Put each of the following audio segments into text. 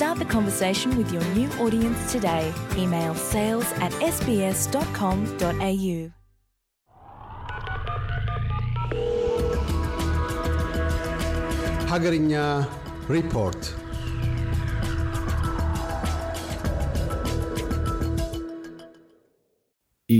Start the conversation with your new audience today. Email sales at sbs.com.au. Hagarinya report.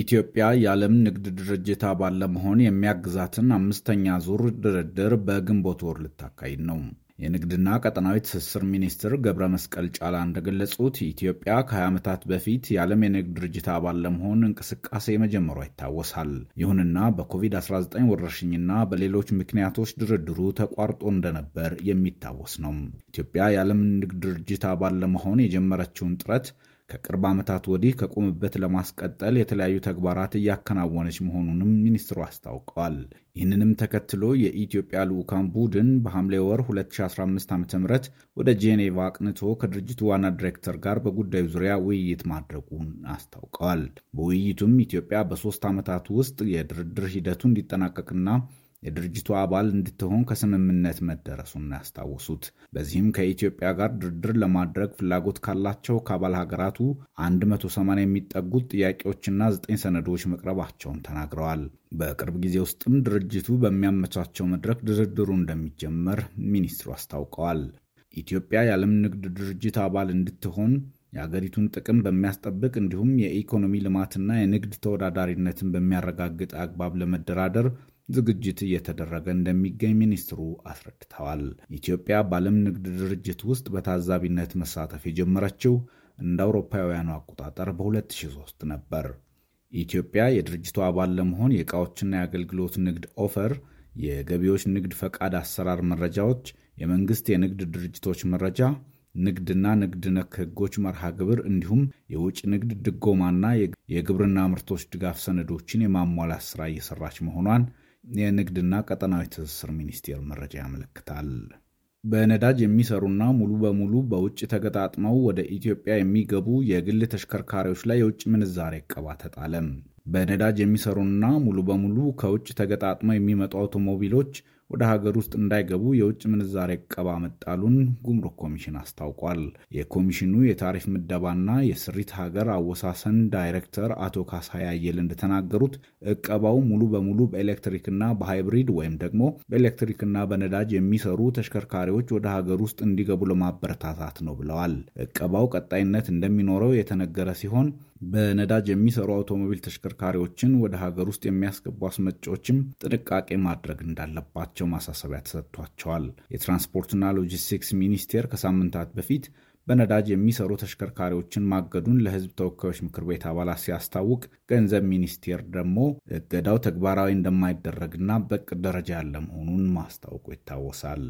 ኢትዮጵያ የዓለም ንግድ ድርጅት አባል ለመሆን የሚያግዛትን አምስተኛ ዙር ድርድር በግንቦት ወር ልታካሂድ ነው። የንግድና ቀጠናዊ ትስስር ሚኒስትር ገብረ መስቀል ጫላ እንደገለጹት ኢትዮጵያ ከ20 ዓመታት በፊት የዓለም የንግድ ድርጅት አባል ለመሆን እንቅስቃሴ መጀመሯ ይታወሳል። ይሁንና በኮቪድ-19 ወረርሽኝና በሌሎች ምክንያቶች ድርድሩ ተቋርጦ እንደነበር የሚታወስ ነው። ኢትዮጵያ የዓለም ንግድ ድርጅት አባል ለመሆን የጀመረችውን ጥረት ከቅርብ ዓመታት ወዲህ ከቆምበት ለማስቀጠል የተለያዩ ተግባራት እያከናወነች መሆኑንም ሚኒስትሩ አስታውቀዋል። ይህንንም ተከትሎ የኢትዮጵያ ልዑካን ቡድን በሐምሌ ወር 2015 ዓ ም ወደ ጄኔቫ አቅንቶ ከድርጅቱ ዋና ዲሬክተር ጋር በጉዳዩ ዙሪያ ውይይት ማድረጉን አስታውቀዋል። በውይይቱም ኢትዮጵያ በሶስት ዓመታት ውስጥ የድርድር ሂደቱ እንዲጠናቀቅና የድርጅቱ አባል እንድትሆን ከስምምነት መደረሱን ያስታወሱት። በዚህም ከኢትዮጵያ ጋር ድርድር ለማድረግ ፍላጎት ካላቸው ከአባል ሀገራቱ 180 የሚጠጉት ጥያቄዎችና 9 ሰነዶች መቅረባቸውን ተናግረዋል። በቅርብ ጊዜ ውስጥም ድርጅቱ በሚያመቻቸው መድረክ ድርድሩ እንደሚጀመር ሚኒስትሩ አስታውቀዋል። ኢትዮጵያ የዓለም ንግድ ድርጅት አባል እንድትሆን የአገሪቱን ጥቅም በሚያስጠብቅ እንዲሁም የኢኮኖሚ ልማትና የንግድ ተወዳዳሪነትን በሚያረጋግጥ አግባብ ለመደራደር ዝግጅት እየተደረገ እንደሚገኝ ሚኒስትሩ አስረድተዋል። ኢትዮጵያ በዓለም ንግድ ድርጅት ውስጥ በታዛቢነት መሳተፍ የጀመረችው እንደ አውሮፓውያኑ አቆጣጠር በ2003 ነበር። ኢትዮጵያ የድርጅቱ አባል ለመሆን የእቃዎችና የአገልግሎት ንግድ ኦፈር፣ የገቢዎች ንግድ ፈቃድ አሰራር መረጃዎች፣ የመንግሥት የንግድ ድርጅቶች መረጃ፣ ንግድና ንግድ ነክ ሕጎች መርሃ ግብር እንዲሁም የውጭ ንግድ ድጎማና የግብርና ምርቶች ድጋፍ ሰነዶችን የማሟላት ሥራ እየሠራች መሆኗን የንግድና ቀጠናዊ ትስስር ሚኒስቴር መረጃ ያመለክታል። በነዳጅ የሚሰሩና ሙሉ በሙሉ በውጭ ተገጣጥመው ወደ ኢትዮጵያ የሚገቡ የግል ተሽከርካሪዎች ላይ የውጭ ምንዛሬ እቀባ ተጣለም። በነዳጅ የሚሰሩና ሙሉ በሙሉ ከውጭ ተገጣጥመው የሚመጡ አውቶሞቢሎች ወደ ሀገር ውስጥ እንዳይገቡ የውጭ ምንዛሬ እቀባ መጣሉን ጉምሩክ ኮሚሽን አስታውቋል። የኮሚሽኑ የታሪፍ ምደባና የስሪት ሀገር አወሳሰን ዳይሬክተር አቶ ካሳይ አየል እንደተናገሩት እቀባው ሙሉ በሙሉ በኤሌክትሪክና በሃይብሪድ ወይም ደግሞ በኤሌክትሪክና በነዳጅ የሚሰሩ ተሽከርካሪዎች ወደ ሀገር ውስጥ እንዲገቡ ለማበረታታት ነው ብለዋል። እቀባው ቀጣይነት እንደሚኖረው የተነገረ ሲሆን በነዳጅ የሚሰሩ አውቶሞቢል ተሽከርካሪዎችን ወደ ሀገር ውስጥ የሚያስገቡ አስመጪዎችም ጥንቃቄ ማድረግ እንዳለባቸው ማሳሰቢያ ተሰጥቷቸዋል። የትራንስፖርትና ሎጂስቲክስ ሚኒስቴር ከሳምንታት በፊት በነዳጅ የሚሰሩ ተሽከርካሪዎችን ማገዱን ለሕዝብ ተወካዮች ምክር ቤት አባላት ሲያስታውቅ፣ ገንዘብ ሚኒስቴር ደግሞ እገዳው ተግባራዊ እንደማይደረግና በቅ ደረጃ ያለ መሆኑን ማስታወቁ ይታወሳል።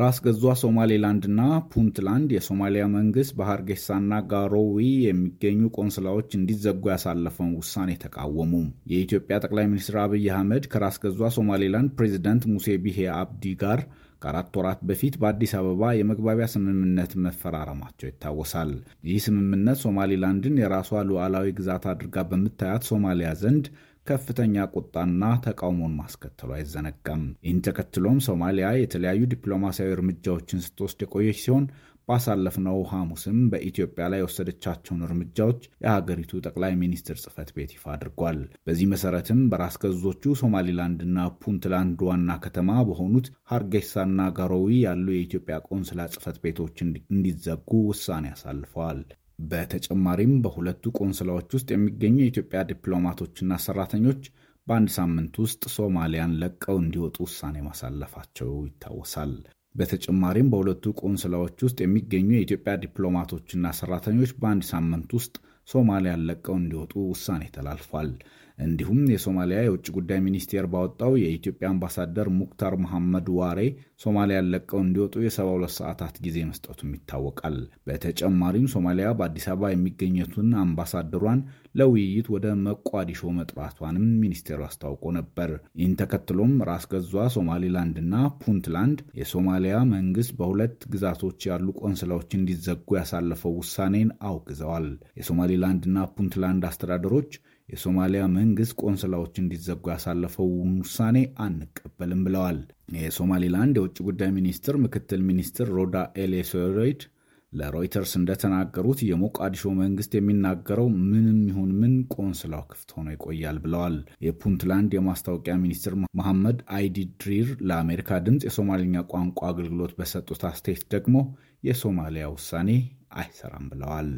ራስ ገዟ ሶማሌላንድና ፑንትላንድ የሶማሊያ መንግስት በሀርጌሳና ጋሮዊ የሚገኙ ቆንስላዎች እንዲዘጉ ያሳለፈውን ውሳኔ ተቃወሙ። የኢትዮጵያ ጠቅላይ ሚኒስትር አብይ አህመድ ከራስ ገዟ ሶማሌላንድ ፕሬዚደንት ሙሴ ቢሄ አብዲ ጋር ከአራት ወራት በፊት በአዲስ አበባ የመግባቢያ ስምምነት መፈራረማቸው ይታወሳል። ይህ ስምምነት ሶማሌላንድን የራሷ ሉዓላዊ ግዛት አድርጋ በምታያት ሶማሊያ ዘንድ ከፍተኛ ቁጣና ተቃውሞን ማስከተሉ አይዘነጋም። ይህን ተከትሎም ሶማሊያ የተለያዩ ዲፕሎማሲያዊ እርምጃዎችን ስትወስድ የቆየች ሲሆን ባሳለፍነው ሐሙስም በኢትዮጵያ ላይ የወሰደቻቸውን እርምጃዎች የሀገሪቱ ጠቅላይ ሚኒስትር ጽህፈት ቤት ይፋ አድርጓል። በዚህ መሰረትም በራስ ገዞቹ ሶማሊላንድና ፑንትላንድ ዋና ከተማ በሆኑት ሀርጌሳና ጋሮዊ ያሉ የኢትዮጵያ ቆንስላ ጽህፈት ቤቶች እንዲዘጉ ውሳኔ አሳልፈዋል። በተጨማሪም በሁለቱ ቆንስላዎች ውስጥ የሚገኙ የኢትዮጵያ ዲፕሎማቶችና ሰራተኞች በአንድ ሳምንት ውስጥ ሶማሊያን ለቀው እንዲወጡ ውሳኔ ማሳለፋቸው ይታወሳል። በተጨማሪም በሁለቱ ቆንስላዎች ውስጥ የሚገኙ የኢትዮጵያ ዲፕሎማቶችና ሰራተኞች በአንድ ሳምንት ውስጥ ሶማሊያን ለቀው እንዲወጡ ውሳኔ ተላልፏል። እንዲሁም የሶማሊያ የውጭ ጉዳይ ሚኒስቴር ባወጣው የኢትዮጵያ አምባሳደር ሙክታር መሐመድ ዋሬ ሶማሊያን ለቀው እንዲወጡ የ72 ሰዓታት ጊዜ መስጠቱም ይታወቃል። በተጨማሪም ሶማሊያ በአዲስ አበባ የሚገኘቱን አምባሳደሯን ለውይይት ወደ መቋዲሾ መጥራቷንም ሚኒስቴሩ አስታውቆ ነበር። ይህን ተከትሎም ራስ ገዟ ሶማሊላንድና ፑንትላንድ የሶማሊያ መንግስት በሁለት ግዛቶች ያሉ ቆንስላዎች እንዲዘጉ ያሳለፈው ውሳኔን አውግዘዋል። የሶማሊላንድና ፑንትላንድ አስተዳደሮች የሶማሊያ መንግስት ቆንስላዎች እንዲዘጉ ያሳለፈውን ውሳኔ አንቀበልም ብለዋል። የሶማሊላንድ የውጭ ጉዳይ ሚኒስትር ምክትል ሚኒስትር ሮዳ ኤሌሶሬድ ለሮይተርስ እንደተናገሩት የሞቃዲሾ መንግስት የሚናገረው ምንም ይሁን ምን ቆንስላው ክፍት ሆኖ ይቆያል ብለዋል። የፑንትላንድ የማስታወቂያ ሚኒስትር መሐመድ አይዲድሪር ለአሜሪካ ድምፅ የሶማሊኛ ቋንቋ አገልግሎት በሰጡት አስተያየት ደግሞ የሶማሊያ ውሳኔ አይሰራም ብለዋል።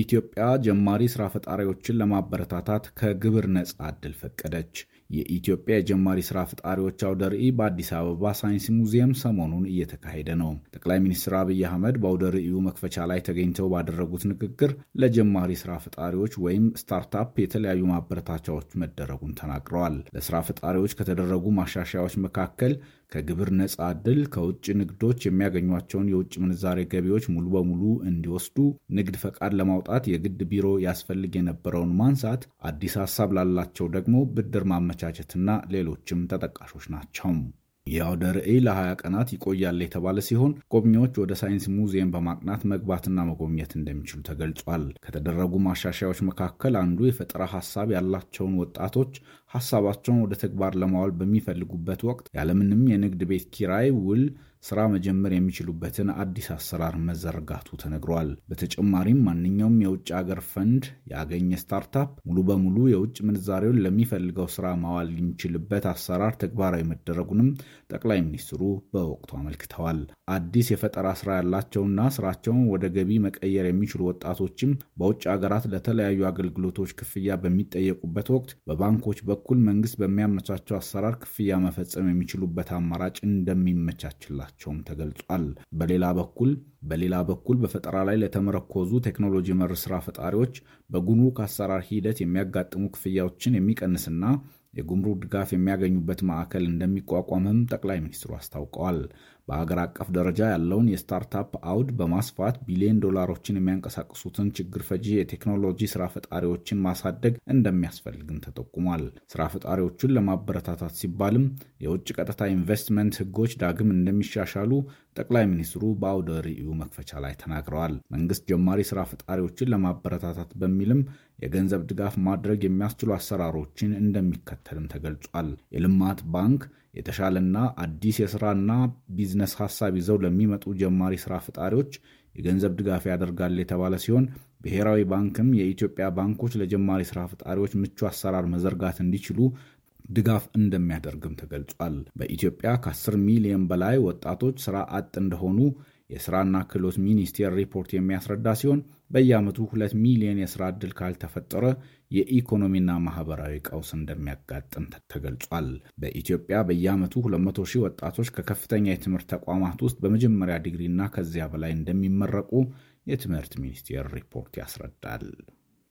ኢትዮጵያ ጀማሪ ስራ ፈጣሪዎችን ለማበረታታት ከግብር ነጻ ዕድል ፈቀደች። የኢትዮጵያ የጀማሪ ስራ ፈጣሪዎች አውደ ርዕይ በአዲስ አበባ ሳይንስ ሙዚየም ሰሞኑን እየተካሄደ ነው። ጠቅላይ ሚኒስትር አብይ አህመድ በአውደ ርዕዩ መክፈቻ ላይ ተገኝተው ባደረጉት ንግግር ለጀማሪ ስራ ፈጣሪዎች ወይም ስታርታፕ የተለያዩ ማበረታቻዎች መደረጉን ተናግረዋል። ለስራ ፈጣሪዎች ከተደረጉ ማሻሻያዎች መካከል ከግብር ነጻ ዕድል፣ ከውጭ ንግዶች የሚያገኟቸውን የውጭ ምንዛሬ ገቢዎች ሙሉ በሙሉ እንዲወስዱ፣ ንግድ ፈቃድ ለማ ለማውጣት የግድ ቢሮ ያስፈልግ የነበረውን ማንሳት፣ አዲስ ሀሳብ ላላቸው ደግሞ ብድር ማመቻቸትና ሌሎችም ተጠቃሾች ናቸው። የአውደ ርዕይ ለ20 ቀናት ይቆያል የተባለ ሲሆን ጎብኚዎች ወደ ሳይንስ ሙዚየም በማቅናት መግባትና መጎብኘት እንደሚችሉ ተገልጿል። ከተደረጉ ማሻሻያዎች መካከል አንዱ የፈጠራ ሀሳብ ያላቸውን ወጣቶች ሀሳባቸውን ወደ ተግባር ለማዋል በሚፈልጉበት ወቅት ያለምንም የንግድ ቤት ኪራይ ውል ስራ መጀመር የሚችሉበትን አዲስ አሰራር መዘርጋቱ ተነግሯል። በተጨማሪም ማንኛውም የውጭ አገር ፈንድ ያገኘ ስታርታፕ ሙሉ በሙሉ የውጭ ምንዛሬውን ለሚፈልገው ስራ ማዋል የሚችልበት አሰራር ተግባራዊ መደረጉንም ጠቅላይ ሚኒስትሩ በወቅቱ አመልክተዋል። አዲስ የፈጠራ ስራ ያላቸውና ስራቸውን ወደ ገቢ መቀየር የሚችሉ ወጣቶችም በውጭ አገራት ለተለያዩ አገልግሎቶች ክፍያ በሚጠየቁበት ወቅት በባንኮች በኩል መንግስት በሚያመቻቸው አሰራር ክፍያ መፈጸም የሚችሉበት አማራጭ እንደሚመቻችላል መሆናቸውም ተገልጿል። በሌላ በኩል በሌላ በኩል በፈጠራ ላይ ለተመረኮዙ ቴክኖሎጂ መር ስራ ፈጣሪዎች በጉምሩክ አሰራር ሂደት የሚያጋጥሙ ክፍያዎችን የሚቀንስና የጉምሩክ ድጋፍ የሚያገኙበት ማዕከል እንደሚቋቋምም ጠቅላይ ሚኒስትሩ አስታውቀዋል። በአገር አቀፍ ደረጃ ያለውን የስታርታፕ አውድ በማስፋት ቢሊዮን ዶላሮችን የሚያንቀሳቅሱትን ችግር ፈጂ የቴክኖሎጂ ስራ ፈጣሪዎችን ማሳደግ እንደሚያስፈልግም ተጠቁሟል። ስራ ፈጣሪዎቹን ለማበረታታት ሲባልም የውጭ ቀጥታ ኢንቨስትመንት ህጎች ዳግም እንደሚሻሻሉ ጠቅላይ ሚኒስትሩ በአውደ ርዕዩ መክፈቻ ላይ ተናግረዋል። መንግስት ጀማሪ ስራ ፈጣሪዎችን ለማበረታታት በሚልም የገንዘብ ድጋፍ ማድረግ የሚያስችሉ አሰራሮችን እንደሚከተልም ተገልጿል። የልማት ባንክ የተሻለና አዲስ የስራና ቢዝነስ ሀሳብ ይዘው ለሚመጡ ጀማሪ ስራ ፈጣሪዎች የገንዘብ ድጋፍ ያደርጋል የተባለ ሲሆን ብሔራዊ ባንክም የኢትዮጵያ ባንኮች ለጀማሪ ስራ ፈጣሪዎች ምቹ አሰራር መዘርጋት እንዲችሉ ድጋፍ እንደሚያደርግም ተገልጿል። በኢትዮጵያ ከ10 ሚሊዮን በላይ ወጣቶች ስራ አጥ እንደሆኑ የስራና ክህሎት ሚኒስቴር ሪፖርት የሚያስረዳ ሲሆን በየዓመቱ ሁለት ሚሊዮን የስራ ዕድል ካልተፈጠረ የኢኮኖሚና ማህበራዊ ቀውስ እንደሚያጋጥም ተገልጿል። በኢትዮጵያ በየዓመቱ 200 ሺህ ወጣቶች ከከፍተኛ የትምህርት ተቋማት ውስጥ በመጀመሪያ ዲግሪና ከዚያ በላይ እንደሚመረቁ የትምህርት ሚኒስቴር ሪፖርት ያስረዳል።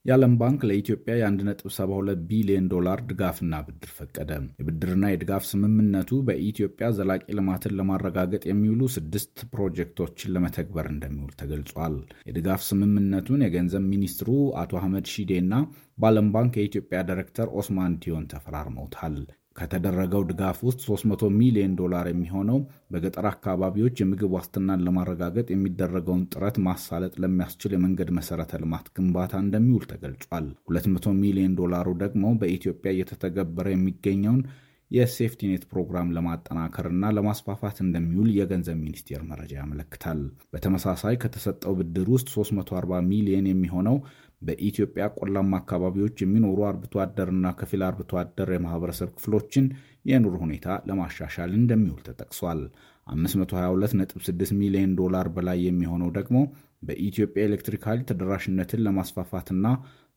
የዓለም ባንክ ለኢትዮጵያ የ1.72 ቢሊዮን ዶላር ድጋፍና ብድር ፈቀደ። የብድርና የድጋፍ ስምምነቱ በኢትዮጵያ ዘላቂ ልማትን ለማረጋገጥ የሚውሉ ስድስት ፕሮጀክቶችን ለመተግበር እንደሚውል ተገልጿል። የድጋፍ ስምምነቱን የገንዘብ ሚኒስትሩ አቶ አህመድ ሺዴ ና በዓለም ባንክ የኢትዮጵያ ዳይሬክተር ኦስማን ዲዮን ተፈራርመውታል። ከተደረገው ድጋፍ ውስጥ 300 ሚሊዮን ዶላር የሚሆነው በገጠር አካባቢዎች የምግብ ዋስትናን ለማረጋገጥ የሚደረገውን ጥረት ማሳለጥ ለሚያስችል የመንገድ መሰረተ ልማት ግንባታ እንደሚውል ተገልጿል። 200 ሚሊዮን ዶላሩ ደግሞ በኢትዮጵያ እየተተገበረ የሚገኘውን የሴፍቲኔት ፕሮግራም ለማጠናከርና ለማስፋፋት እንደሚውል የገንዘብ ሚኒስቴር መረጃ ያመለክታል። በተመሳሳይ ከተሰጠው ብድር ውስጥ 340 ሚሊዮን የሚሆነው በኢትዮጵያ ቆላማ አካባቢዎች የሚኖሩ አርብቶ አደርና ከፊል አርብቶ አደር የማህበረሰብ ክፍሎችን የኑሮ ሁኔታ ለማሻሻል እንደሚውል ተጠቅሷል። 522.6 ሚሊዮን ዶላር በላይ የሚሆነው ደግሞ በኢትዮጵያ ኤሌክትሪክ ኃይል ተደራሽነትን ለማስፋፋትና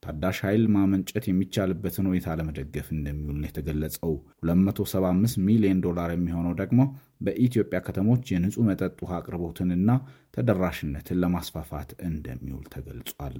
ታዳሽ ኃይል ማመንጨት የሚቻልበትን ሁኔታ ለመደገፍ እንደሚውል ነው የተገለጸው። 275 ሚሊዮን ዶላር የሚሆነው ደግሞ በኢትዮጵያ ከተሞች የንጹህ መጠጥ ውሃ አቅርቦትንና ተደራሽነትን ለማስፋፋት እንደሚውል ተገልጿል።